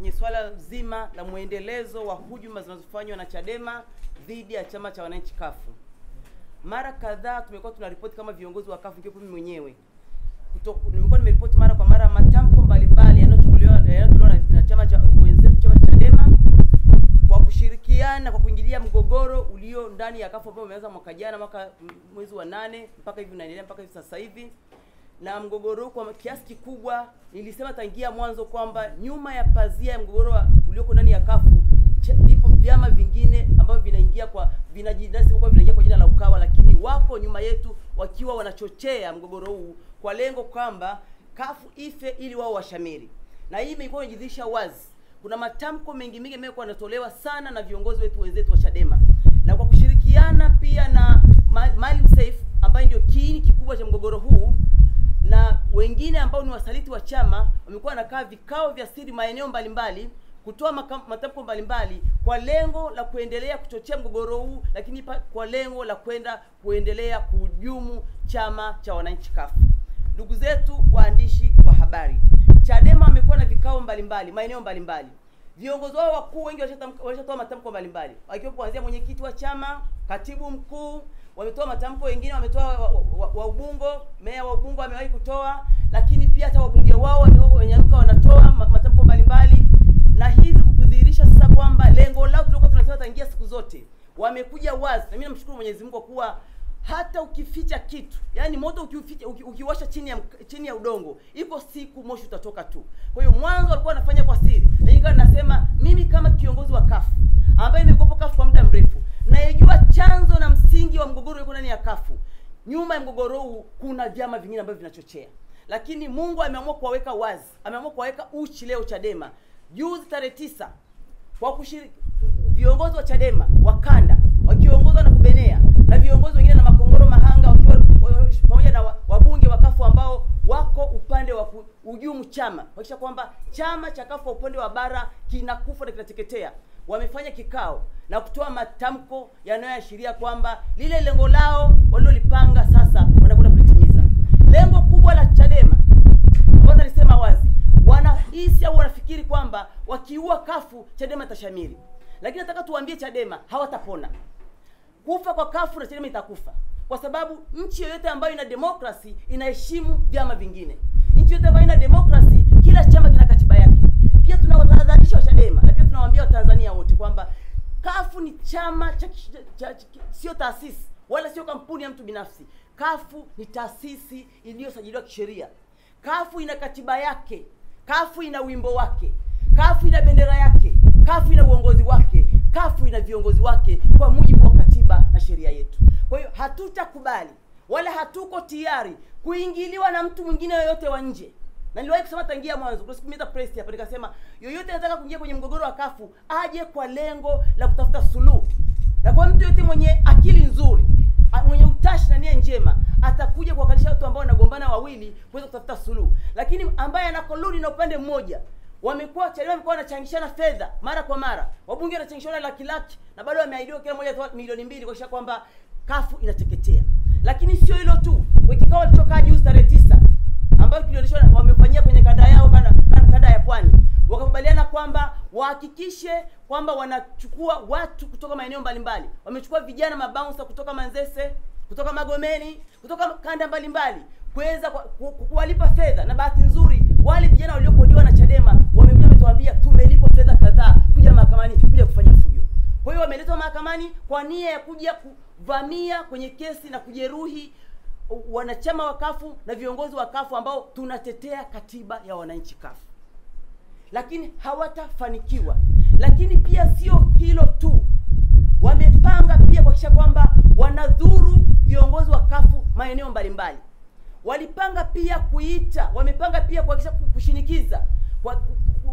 kwenye swala zima la mwendelezo wa hujuma zinazofanywa na Chadema dhidi ya chama cha wananchi kafu Mara kadhaa tumekuwa tunaripoti kama viongozi wa kafu nikiwepo mimi mwenyewe. Nimekuwa nimeripoti mara kwa mara matamko mbalimbali yanayochukuliwa yanayotolewa na chama cha wenzetu chama cha Chadema kwa kushirikiana kwa kuingilia mgogoro ulio ndani ya kafu ambao umeanza mwaka jana mwaka mwezi wa nane mpaka hivi unaendelea mpaka hivi sasa hivi na mgogoro kwa kiasi kikubwa. Nilisema tangia mwanzo kwamba nyuma ya pazia ya mgogoro ulioko ndani ya kafu ndipo vyama vingine ambavyo vinaingia kwa vinajidasi kwa vinaingia kwa jina la Ukawa, lakini wako nyuma yetu wakiwa wanachochea mgogoro huu kwa lengo kwamba kafu ife ili wao washamiri, na hii imekuwa inajidhisha wazi. Kuna matamko mengi mengi yamekuwa yanatolewa sana na viongozi wetu wenzetu wa Chadema na kwa kushirikiana pia na mali ambao ni wasaliti wa chama wamekuwa wanakaa vikao vya siri maeneo mbalimbali kutoa matamko mbalimbali kwa lengo la kuendelea kuchochea mgogoro huu, lakini kwa lengo la kwenda kuendelea kuhujumu chama cha wananchi CUF. Ndugu zetu waandishi wa habari, Chadema wamekuwa na vikao mbalimbali maeneo mbalimbali viongozi wao wakuu wengi walishatoa matamko mbalimbali, wakiwa kuanzia mwenyekiti wa chama, katibu mkuu, wametoa matamko, wengine wametoa wa, wa, wa Ubungo, meya wa Ubungo amewahi kutoa, lakini pia hata wabunge wao ndio wenye amka wanatoa matamko mbalimbali, na hizi kudhihirisha sasa kwamba lengo lao tulikuwa tunasema tangia siku zote, wamekuja wazi, na mimi namshukuru Mwenyezi Mungu kwa kuwa hata ukificha kitu, yani moto ukificha, uki, ukiwasha chini ya chini ya udongo, iko siku moshi utatoka tu. Kwa hiyo mwanzo walikuwa wanafanya kwa siri, na ingawa nasema mimi kama kiongozi wa kafu ambaye nimekuwepo kafu kwa muda mrefu, nayejua chanzo na msingi wa mgogoro uko ndani ya kafu. Nyuma ya mgogoro huu kuna vyama vingine ambavyo vinachochea lakini Mungu ameamua kuwaweka wazi, ameamua kuwaweka uchi leo Chadema. Juzi tarehe tisa kwa kushiriki viongozi wa Chadema wakanda wakiongozwa na Kubenea na viongozi wengine na Makongoro Mahanga wakiwa pamoja na wabunge wa kafu ambao wako upande wa ujumu chama kuhakikisha kwamba chama cha kafu upande wa bara kinakufa na kinateketea wamefanya kikao na kutoa matamko yanayoashiria kwamba lile lengo lao walilolipanga sasa wanakwenda Lengo kubwa la Chadema ambao nalisema wazi, wanahisi au wanafikiri kwamba wakiua kafu Chadema itashamiri, lakini nataka tuwaambie Chadema hawatapona. Kufa kwa kafu na Chadema itakufa, kwa sababu nchi yoyote ambayo ina demokrasi inaheshimu vyama vingine. Nchi yoyote ambayo ina demokrasi, kila chama kina katiba yake. Pia tunawatahadharisha wa Chadema na pia tunawaambia Watanzania wote kwamba kafu ni chama cha, cha, cha, cha, sio taasisi wala sio kampuni ya mtu binafsi. Kafu ni taasisi iliyosajiliwa kisheria. Kafu ina katiba yake, Kafu ina wimbo wake, Kafu ina bendera yake, Kafu ina uongozi wake, Kafu ina viongozi wake kwa mujibu wa katiba na sheria yetu. Kwa hiyo hatutakubali wala hatuko tayari kuingiliwa na mtu mwingine yoyote wa nje. Na niliwahi kusema tangia mwanzo, kusikimiza press hapa nikasema yoyote anataka kuingia kwenye mgogoro wa Kafu aje kwa lengo la kutafuta suluhu, na kwa mtu yoyote mwenye akili nzuri Ah, mwenye utashi na nia njema atakuja kuwakalisha watu ambao wanagombana wawili kuweza kutafuta suluhu, lakini ambaye anakoludi na upande mmoja wamekuwa Chadema wamekuwa wanachangishana fedha mara kwa mara, wabunge wanachangishana laki laki, na bado wameahidiwa kila mmoja milioni mbili kuhakikisha kwamba kafu inateketea. Lakini sio hilo tu, kwenye walitoka walichokaa juzi tarehe tisa ambayo kilioneshwa wamefanyia kwenye kanda yao kana, kanda ya pwani wakakubaliana kwamba wahakikishe kwamba wanachukua watu kutoka maeneo mbalimbali. Wamechukua vijana mabaunsa kutoka Manzese, kutoka Magomeni, kutoka kanda mbalimbali kuweza kuwalipa fedha, na bahati nzuri wale vijana waliokodiwa na Chadema wamekuja wametuambia tumelipwa fedha kadhaa kuja mahakamani kuja kufanya fujo. Kwa hiyo wameletwa mahakamani kwa nia ya kuja kuvamia kwenye kesi na kujeruhi wanachama wa kafu na viongozi wa kafu ambao tunatetea katiba ya wananchi kafu lakini hawatafanikiwa. Lakini pia sio hilo tu, wamepanga pia kuhakikisha kwamba wanadhuru viongozi wa kafu maeneo mbalimbali. Walipanga pia kuita, wamepanga pia kuhakikisha kushinikiza kwa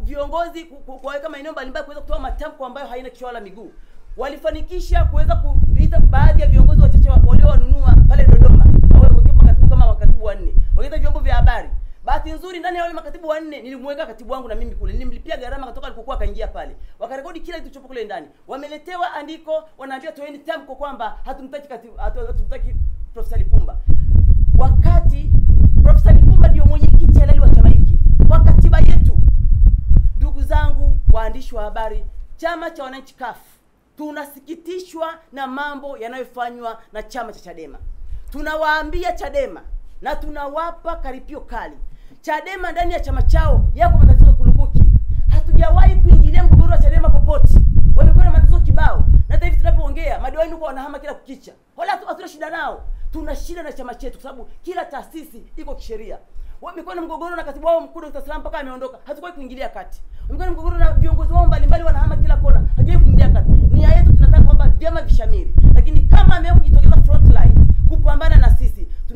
viongozi kuwaweka maeneo mbalimbali kuweza kutoa matamko ambayo haina kichwa wala miguu. Walifanikisha kuweza kuita baadhi ya viongozi wachache waliowanunua bahati nzuri ndani ya wale makatibu wanne nilimweka katibu wangu na mimi kule, nilimlipia gharama katoka alikokuwa akaingia pale, wakarekodi kila kitu chopo kule ndani. Wameletewa andiko, wanaambia toeni tamko kwamba hatumtaki katibu, hatumtaki Profesa Lipumba, wakati Profesa Lipumba ndio mwenyekiti halali wa chama hiki kwa katiba yetu. Ndugu zangu waandishi wa habari, chama cha wananchi CUF tunasikitishwa na mambo yanayofanywa na chama cha Chadema. Tunawaambia Chadema na tunawapa karipio kali. Chadema ndani ya chama chao yako matatizo kurubuki. Hatujawahi kuingilia mgogoro wa Chadema popote, wamekuwa na matatizo kibao, na hata hivi tunapoongea madiwani huko wanahama kila kukicha, wala hatuna shida nao, tuna shida na chama chetu, kwa sababu kila taasisi iko kisheria wamekuwa na mgogoro na katibu wao mkuu Dr. Salam mpaka ameondoka, hatukuwahi kuingilia kati. Wamekuwa na mgogoro na viongozi wao mbalimbali, wanahama kila kona, hajawahi kuingilia kati. Nia yetu tunataka kwamba vyama vishamiri, lakini kama ameamua kujitokeza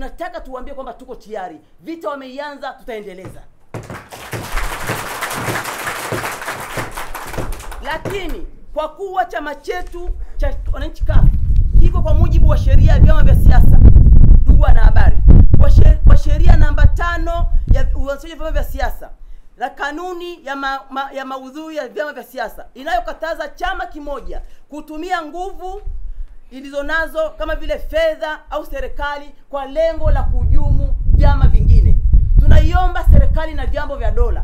tunataka tuwaambie kwamba tuko tayari, vita wameianza, tutaendeleza. Lakini kwa kuwa chama chetu cha wananchi CUF kiko kwa mujibu wa sheria ya vyama vya siasa, ndugu wanahabari, kwa sheria namba tano ya uanzishaji vyama vya siasa na kanuni ya, ma, ma, ya maudhui ya vyama vya siasa inayokataza chama kimoja kutumia nguvu ilizonazo kama vile fedha au serikali kwa lengo la kuhujumu vyama vingine. Tunaiomba serikali na vyombo vya dola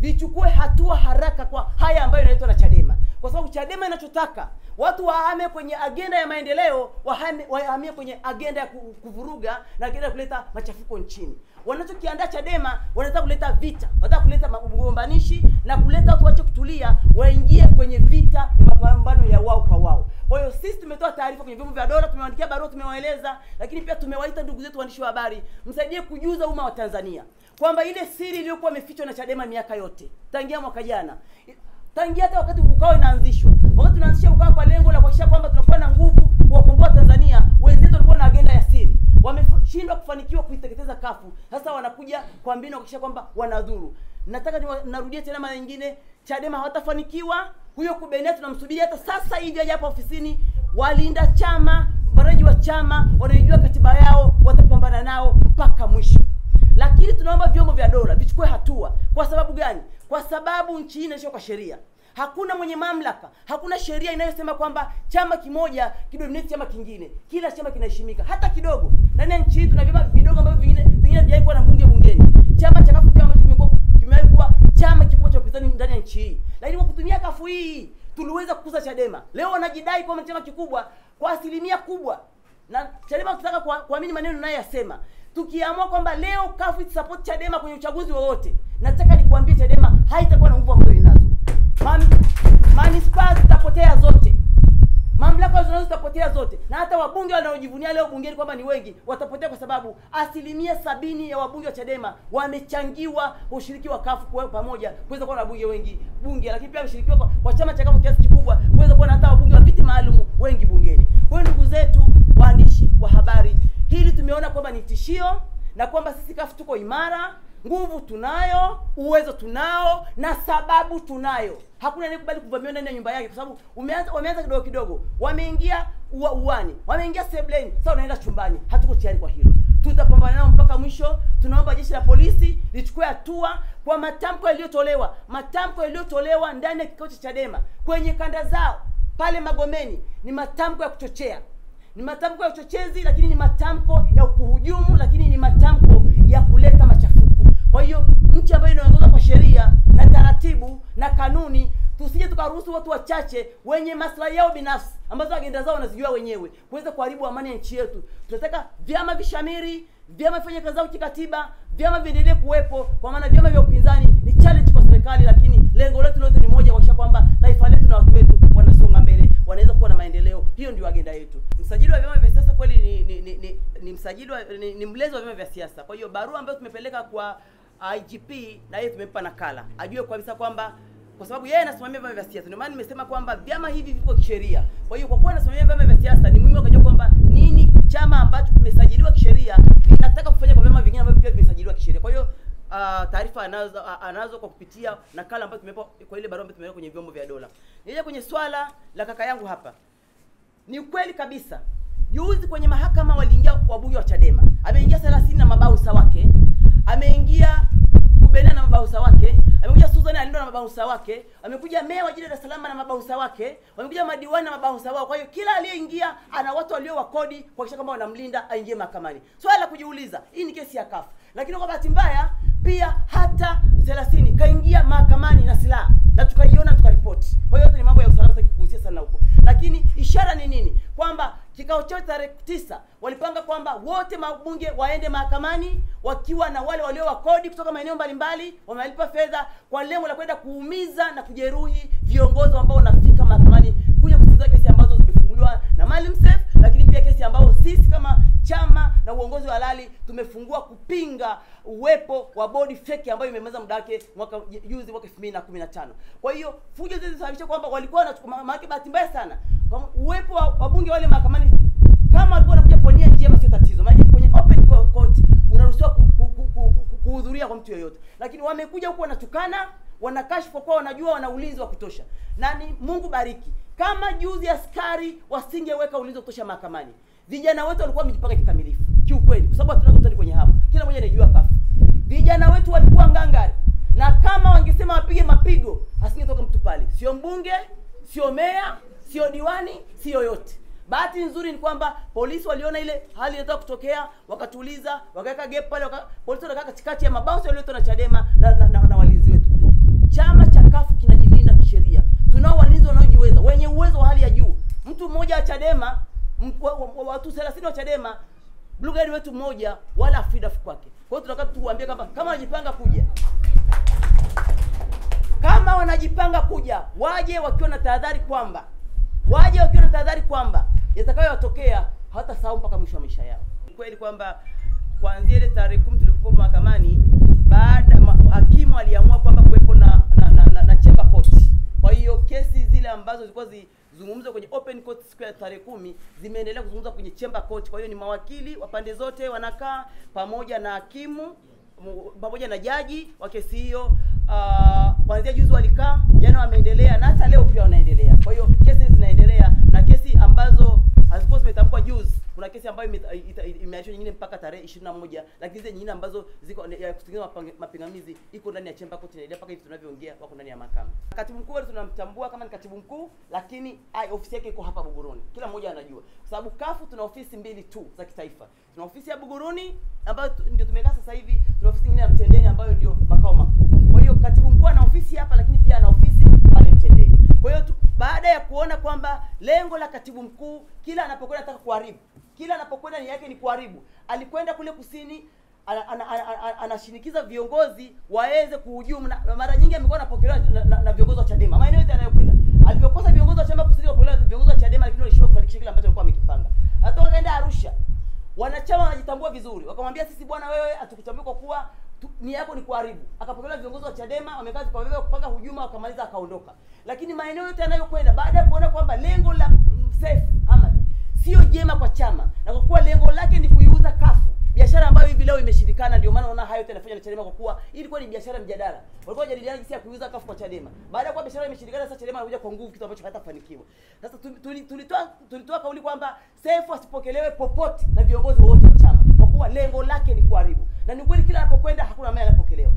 vichukue hatua haraka kwa haya ambayo inaitwa na Chadema, kwa sababu Chadema inachotaka watu wahame kwenye agenda ya maendeleo, wahame wahamie kwenye agenda ya kuvuruga na agenda ya kuleta machafuko nchini. Wanachokiandaa Chadema, wanataka kuleta vita, wanataka kuleta ugombanishi na kuleta watu wache kutulia, waingie kwenye vita kwa hiyo sisi tumetoa taarifa kwenye vyombo vya dola, tumewaandikia barua, tumewaeleza, lakini pia tumewaita ndugu zetu waandishi wa habari, msaidie kujuza umma wa Tanzania kwamba ile siri iliyokuwa imefichwa na Chadema miaka yote tangia mwaka jana, tangia hata wakati ukao inaanzishwa, wakati tunaanzisha ukao kwa lengo la kuhakikisha kwamba tunakuwa na nguvu kuwakomboa Tanzania, wenzetu walikuwa na agenda ya siri wameshindwa kufanikiwa kuiteketeza kafu. Sasa wanakuja kwa mbinu kuhakikisha kwamba wanadhuru. Nataka narudie tena mara nyingine, Chadema hawatafanikiwa huyo Kubenia tunamsubiri hata sasa hivi hajapo ofisini. Walinda chama, baraji wa chama wanaijua katiba yao, watapambana nao mpaka mwisho. Lakini tunaomba vyombo vya dola vichukue hatua. Kwa sababu gani? Kwa sababu nchi hii inaishia kwa sheria. Hakuna mwenye mamlaka, hakuna sheria inayosema kwamba chama kimoja kidominate chama kingine. Kila chama kinaheshimika hata kidogo. Ndani ya nchi hii tuna vyama vidogo ambavyo vingine vingine vijaikuwa na mbunge bungeni. Chama cha CUF chama kimekuwa kimekuwa chama kikubwa cha upinzani ndani ya nchi hii sakafu hii tuliweza kukuza Chadema. Leo wanajidai kwa chama kikubwa kwa asilimia kubwa, na Chadema tunataka kuamini maneno naye yasema. Tukiamua kwamba leo kafu support Chadema kwenye uchaguzi wowote, nataka nikuambie Chadema haitakuwa na nguvu ambazo inazo. Manispaa zitapotea zote mamlaka zinazo zitapotea zote, na hata wabunge wanaojivunia leo bungeni kwamba ni wengi watapotea, kwa sababu asilimia sabini ya wabunge wa Chadema wamechangiwa ushiriki wa kafu kwa pamoja kuweza kuwa na wabunge wengi bunge, lakini pia ushiriki kwa, kwa chama cha kafu kiasi kikubwa kuweza kuwa na hata wabunge wa viti maalum wengi bungeni. Kwa ndugu zetu waandishi wa habari, hili tumeona kwamba ni tishio na kwamba sisi kafu tuko imara nguvu tunayo uwezo tunao na sababu tunayo hakuna anayekubali kuvamiwa ndani ya nyumba yake kwa sababu umeanza wameanza kidogo kidogo wameingia ua uani wameingia sebleni sasa unaenda chumbani hatuko tayari kwa hilo tutapambana nao mpaka mwisho tunaomba jeshi la polisi lichukue hatua kwa matamko yaliyotolewa matamko yaliyotolewa ndani ya kikao cha chadema kwenye kanda zao pale magomeni ni matamko ya kuchochea ni matamko ya uchochezi lakini ni matamko ya kuhujumu lakini ni matamko ya kuleta machafuko kwa hiyo nchi ambayo inaongozwa kwa sheria na taratibu na kanuni, tusije tukaruhusu watu wachache wenye maslahi yao binafsi ambazo agenda zao wanazijua wenyewe kuweza kuharibu amani ya nchi yetu. Tunataka vyama vishamiri, vyama vifanye kazi zao kikatiba, vyama viendelee kuwepo, kwa maana vyama vya upinzani ni challenge kwa serikali, lakini lengo letu lote ni moja, kuhakikisha kwamba taifa letu na watu wetu wanasonga mbele, wanaweza kuwa na maendeleo. Hiyo ndio agenda yetu. Msajili wa vyama vya siasa kweli ni, ni, ni, ni, ni msajili wa, ni, ni mlezi wa vyama vya siasa. Kwa hiyo barua ambayo tumepeleka kwa IGP na yeye tumempa nakala ajue kabisa kwamba kwa sababu yeye anasimamia vyama vya siasa. Ndio maana nimesema kwamba vyama hivi vipo kisheria. Kwa hiyo kwa kuwa anasimamia vyama vya siasa, ni muhimu akajua kwamba nini chama ambacho kimesajiliwa kisheria kinataka kufanya kwa vyama vingine ambavyo pia vimesajiliwa kisheria. Kwa hiyo uh, taarifa anazo, uh, anazo kwa kupitia nakala ambayo tumepewa kwa ile barua ambayo tumeweka kwenye vyombo vya dola. Nije kwenye swala la kaka yangu hapa, ni kweli kabisa, juzi kwenye mahakama waliingia wabunge wa Chadema, ameingia 30 na mabao sawake ameingia Bena na mabausa wake, amekuja Susan Alindo na mabausa wake, amekuja meya wa jiji la Dar es Salaam na mabausa wake, wamekuja madiwani na mabausa wao. Kwa hiyo kila aliyeingia ana watu walio wakodi kuhakikisha kwamba wanamlinda aingie mahakamani. Swala la kujiuliza, hii ni kesi ya kafu, lakini kwa bahati mbaya pia hata 30 kaingia mahakamani na silaha na tukaiona tukaripoti. Kwa hiyo ni mambo ya usalama kikuhusia sana huko, lakini ishara ni nini? Kwamba kikao chao tarehe tisa walipanga kwamba wote mabunge waende mahakamani wakiwa na wale walio wakodi kutoka maeneo mbalimbali, wamelipa fedha kwa lengo la kwenda kuumiza na kujeruhi viongozi ambao wanafika mahakamani kuja kusikiliza kesi ambazo kufunguliwa na Maalim Seif, lakini pia kesi ambayo sisi kama chama na uongozi wa halali tumefungua kupinga uwepo wa bodi feki ambayo imemaliza muda wake mwaka juzi mwaka 2015. Kwa hiyo fujo hizo zilisababisha kwamba walikuwa wanachukua mahakama, bahati mbaya sana uwepo wa wabunge wale mahakamani kama walikuwa wanakuja kwa nia njema, sio tatizo, maana kwenye open court unaruhusiwa kuhudhuria kwa mtu yoyote, lakini wamekuja huko wanatukana wanakashfa kwa wanajua wana ulinzi wa kutosha Nani mungu bariki kama juzi askari wasingeweka ulinzi wa kutosha mahakamani vijana wetu walikuwa wamejipanga kikamilifu kiukweli kwa sababu hatuna kwenye hapa kila mmoja anajua kafu vijana wetu walikuwa ngangari na kama wangesema wapige mapigo asingetoka mtu pale sio mbunge sio meya sio diwani sio yote bahati nzuri ni kwamba polisi waliona ile hali inataka kutokea wakatuliza wakaweka gap pale waka, polisi wakakaa katikati ya mabounce yaliyoletwa na chadema na, na, na, na walinzi Chama cha kafu kinajilinda kisheria, tunao walinzi wanaojiweza wenye uwezo wa hali ya juu. Mtu mmoja wa Chadema, watu 30 wa Chadema, blugari wetu mmoja, wala afidafu kwake. Kwa hiyo tunataka tuwaambie kama kama wanajipanga kuja kama wanajipanga kuja waje wakiwa na tahadhari kwamba waje wakiwa na tahadhari kwamba yatakayowatokea hawatasahau mpaka mwisho wa maisha yao. Kweli kwamba kuanzia ile tarehe 10 tulipokuwa mahakamani, baada hakimu aliamua kwamba kuwepo na na, na chamber court. Kwa hiyo kesi zile ambazo zilikuwa zizungumzwa kwenye open court siku ya tarehe kumi zimeendelea kuzungumzwa kwenye chamber court. Kwa hiyo ni mawakili wa pande zote wanakaa pamoja na hakimu pamoja na jaji wa kesi hiyo uh, juzi walikaa, jana wameendelea na hata leo pia wanaendelea. Kwa hiyo kesi zinaendelea na kesi ambazo hazikuwa zimetamkwa juzi. Kuna kesi ambayo imeachwa nyingine mpaka tarehe 21 lakini zile nyingine ambazo ziko ya kutengeneza mapingamizi iko ndani ya chemba kote inaendelea mpaka hivi tunavyoongea, wako ndani ya mahakama. Katibu mkuu tunamtambua kama ni katibu mkuu, lakini ai, ofisi yake iko hapa Buguruni, kila mmoja anajua, kwa sababu kafu tuna ofisi mbili tu za kitaifa. Tuna ofisi ya Buguruni ambayo ndio tumekaa sasa hivi, tuna ofisi nyingine ya Mtendeni ambayo ndio makao makuu hiyo katibu mkuu ana ofisi hapa, lakini pia ana ofisi pale Mtendeni. Kwa hiyo baada ya kuona kwamba lengo la katibu mkuu kila anapokwenda anataka kuharibu, kila anapokwenda nia yake ni kuharibu, alikwenda kule kusini anashinikiza viongozi waweze kuhujumu, na mara nyingi amekuwa anapokelewa na, na, na viongozi wa Chadema maeneo yote anayokwenda. Alivyokosa viongozi wa chama kusini, wapokelewa viongozi wa Chadema, lakini walishindwa kufanikisha kile ambacho alikuwa amekipanga. Hata wakaenda Arusha, wanachama wanajitambua vizuri, wakamwambia sisi, bwana, wewe hatukutambui kwa kuwa ni yako ni kuharibu. Akapokelewa viongozi wa Chadema, wamekaa kwa wewe kupanga hujuma, wakamaliza akaondoka. Lakini maeneo yote anayokwenda baada ya kuona kwamba lengo la Seif Ahmed sio jema kwa chama na kwa kuwa lengo lake ni kuiuza kafu biashara ambayo hivi leo imeshindikana. Ndio maana unaona hayo yote yanafanywa na Chadema kwa kuwa hii ilikuwa ni biashara mjadala, walikuwa wajadiliana jinsi ya kuiuza kafu kwa Chadema. Baada ya kuwa biashara imeshindikana, sasa Chadema anakuja kwa nguvu, kitu ambacho hatafanikiwa. Sasa tulitoa tulitoa kauli kwamba Seif asipokelewe popote na viongozi wote wa chama kuwa lengo lake ni kuharibu, na ni kweli kila anapokwenda hakuna mali anapokelewa.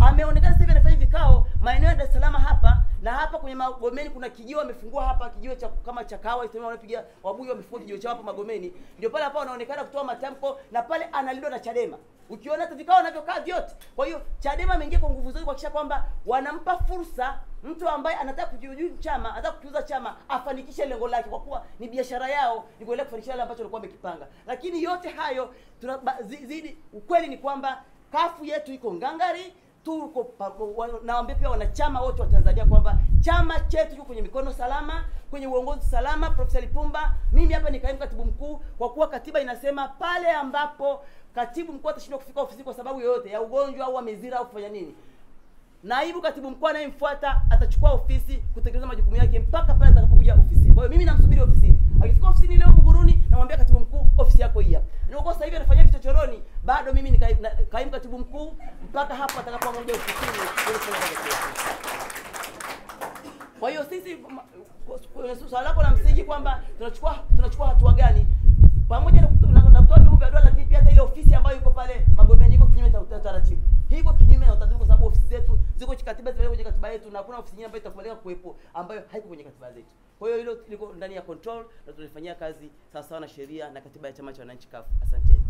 Ameonekana sasa hivi anafanya vikao maeneo ya Dar es Salaam hapa na hapa kwenye Magomeni, kuna kijio amefungua hapa, kijio cha kama cha kawa isemwa, wanapiga wabuyu, wamefungua kijio cha hapa Magomeni, ndio pale hapa anaonekana kutoa matamko, na pale analindwa na Chadema, ukiona hata vikao anavyokaa vyote. Kwa hiyo Chadema ameingia kwa nguvu zote kuhakikisha kwamba wanampa fursa Mtu ambaye anataka kujiujuzi chama, anataka kukiuza chama, afanikishe lengo lake, kwa kuwa ni biashara yao, ni kuelekea kufanikisha yale ambacho amekipanga. Lakini yote hayo tunazidi, ukweli ni kwamba kafu yetu iko ngangari, tuko nawaambia pia wanachama wote wa Tanzania kwamba chama chetu kiko kwenye mikono salama, kwenye uongozi salama. Profesa Lipumba, mimi hapa ni kaimu katibu mkuu, kwa kuwa katiba inasema pale ambapo katibu mkuu atashindwa kufika ofisini kwa sababu yoyote ya ugonjwa au amezira au kufanya nini naibu katibu mkuu anayemfuata atachukua ofisi kutekeleza majukumu yake mpaka pale atakapokuja ofisini. Kwa hiyo mimi namsubiri ofisini. Akifika ofisini leo Buguruni, namwambia katibu mkuu, ofisi yako hii hapa. Nilikuwa sasa hivi anafanyia vichochoroni, bado mimi ni kaimu katibu mkuu mpaka hapo atakapokuja ofisini. Kwa hiyo sisi, swala lako la msingi kwamba tunachukua tunachukua hatua gani pamoja na kutoa vyombo vya dola, lakini pia hata ile ofisi ambayo iko pale Magomeni iko kinyume cha utaratibu, hiko kinyume na utaratibu zetu ziko kwenye katiba, zimewekwa kwenye katiba yetu, na hakuna ofisi nyingine ambayo itakubalika kuwepo ambayo haiko kwenye katiba zetu. Kwa hiyo hilo liko ndani ya control na tunalifanyia kazi sawasawa na sheria na katiba ya Chama cha Wananchi CUF. Asanteni.